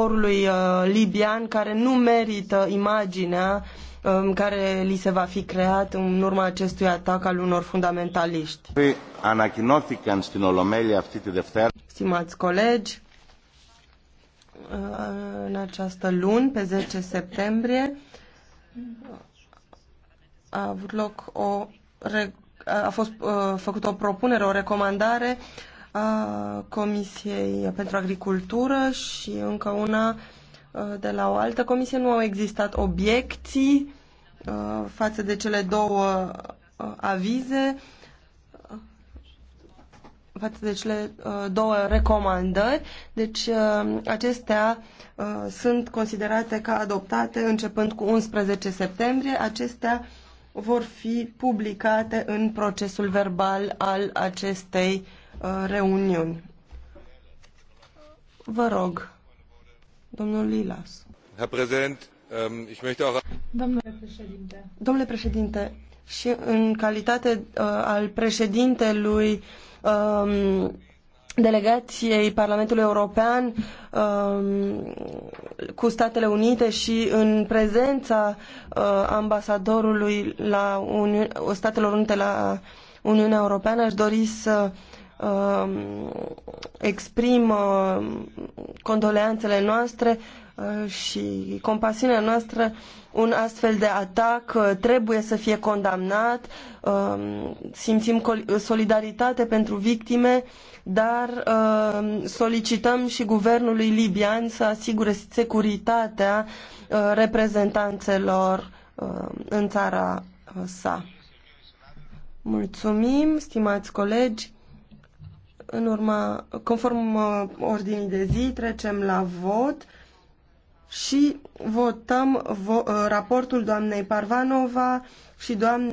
poporului uh, libian care nu merită imaginea um, care li se va fi creat în urma acestui atac al unor fundamentaliști. Ανακοινώθηκαν στην Ολομέλεια αυτή τη Δευτέρα. Stimați colegi, uh, în această luni, pe 10 septembrie, a avut loc o a fost uh, făcută o propunere, o recomandare a Comisiei pentru Agricultură și încă una de la o altă comisie. Nu au existat obiecții față de cele două avize, față de cele două recomandări. Deci acestea sunt considerate ca adoptate începând cu 11 septembrie. Acestea vor fi publicate în procesul verbal al acestei Uh, reuniuni. Vă rog, domnul Lilas. Ähm, Domnule președinte. Domnule președinte, și în calitate uh, al președintelui um, delegației Parlamentului European um, cu Statele Unite și în prezența uh, ambasadorului la Uni Statelor Unite la Uniunea Europeană, aș dori să Um, exprim uh, condoleanțele noastre uh, și compasiunea noastră, un astfel de atac uh, trebuie să fie condamnat. Um, simțim solidaritate pentru victime, dar um, solicităm și guvernului libian să asigure securitatea reprezentanțelor în țara sa. Mulțumim, stimați colegi în urma, conform uh, ordinii de zi, trecem la vot și votăm vo, uh, raportul doamnei Parvanova și doamnei